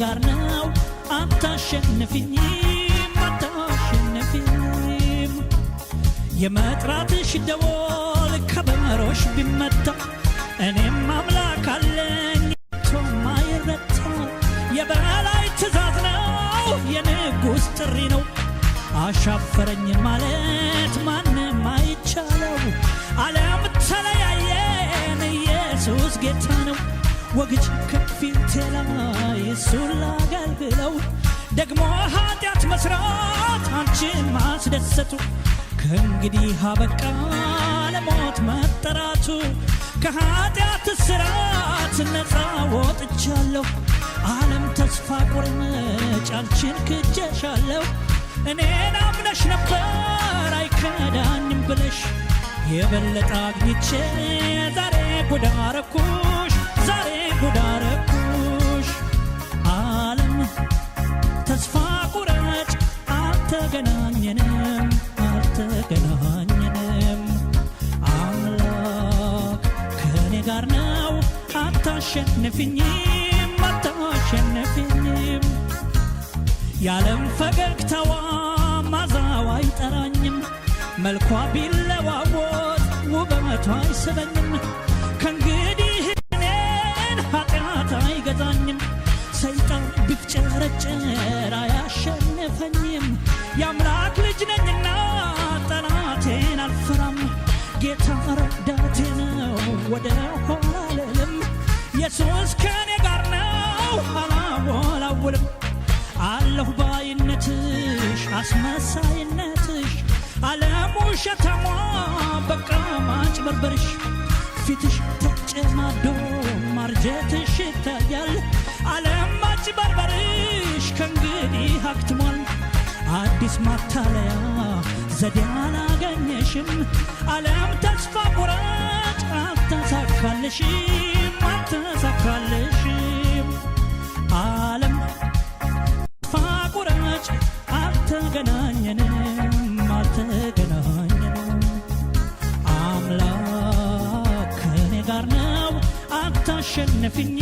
ጋር ነው። አታሸንፊም፣ አታሸንፊም። የመጥራትሽ ደወል ከበመሮሽ ቢመታ እኔም አምላክ አለኝ ቶም አይረታ። የበላይ ትእዛዝ ነው፣ የንጉሥ ጥሪ ነው። አሻፈረኝ ማለት ማንም አይቻለው አለ ወግጅ ከፊቴ ላይ እሱን ላገልግለው ደግሞ ኃጢአት መስራት አንቺን ማስደሰቱ ከእንግዲህ አበቃ ለሞት መጠራቱ ከኃጢአት ስራት ነፃ ወጥቻለሁ። ዓለም ተስፋ ቁርምጭ አንቺን ክጀሻለሁ። እኔን አምነሽ ነበር አይከዳኝም ብለሽ የበለጠ አግኝቼ ዛሬ ጉድ አልተገናኘንም አልተገናኘንም አምላክ ከእኔ ጋር ነው አታሸንፍኝም አታሸንፍኝም ያለም ፈገግታዋ ማዛዋ አይጠራኝም መልኳ ቢለዋወጥ ውበቷ አይስበኝም ከእንግዲህ እኔን ኃጢአት አይገዛኝም ሰይጣን ቢፍጨረጨር አያሸንፈኝ ጌታ ረዳቴ ነው፣ ወደ ኋላ አልልም። ኢየሱስ ከኔ ጋር ነው፣ አላወላውልም። አለሁ ባይነትሽ አስመሳይነትሽ ዓለም ውሸታሟ በቃ ማጭበርበርሽ ፊትሽ ተጨማዶ ማርጀትሽ ይታያል። ዓለም ማጭበርበርሽ ከእንግዲህ አክትሟል። አዲስ ማታለያ ዘዴ አላገኘሽም። ዓለም ተስፋ ቁረጭ አልተሳካልሽም፣ አልተሳካልሽም። ዓለም ተስፋ ቁረጭ አልተገናኘንም፣ አልተገናኘንም። አምላክ ከኔ ጋር ነው፣ አታሸንፍኝ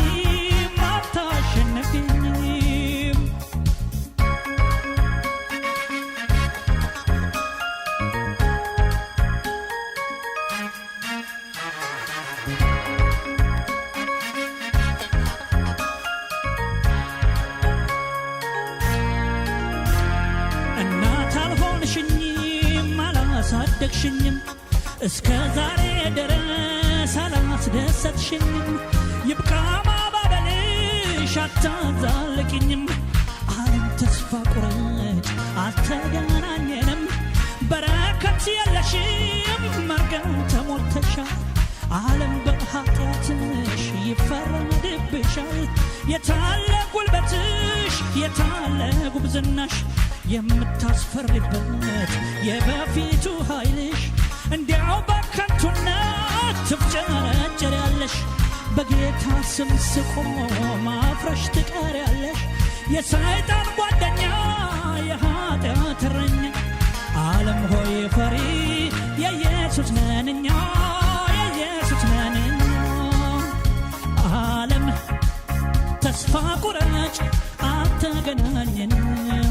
አልወለድሽኝም አላሳደግሽኝም እስከ ዛሬ ድረስ አላስደሰትሽኝም ይብቃ ማባበልሽ አታዛልቅኝም አለም ተስፋ ቁረጭ አልተገናኘንም በረከት የለሽም መርገም ተሞልተሻል ዓለም በኃጢአትሽ ይፈረድብሻል የታለ ጉልበትሽ የታለ ጉብዝናሽ የምታስፈሪበት የበፊቱ ኃይልሽ እንዲያው በከንቱና ትፍጨረጨሪያለሽ። በጌታ ስም ስቆሞ ማፍረሽ ትቀሪያለሽ። የሰይጣን ጓደኛ የኃጢአት እረኛ ዓለም ሆይ ፈሪ የኢየሱስ ነን የኢየሱስ ነን ዓለም ተስፋ ቁረጭ አትገናኘን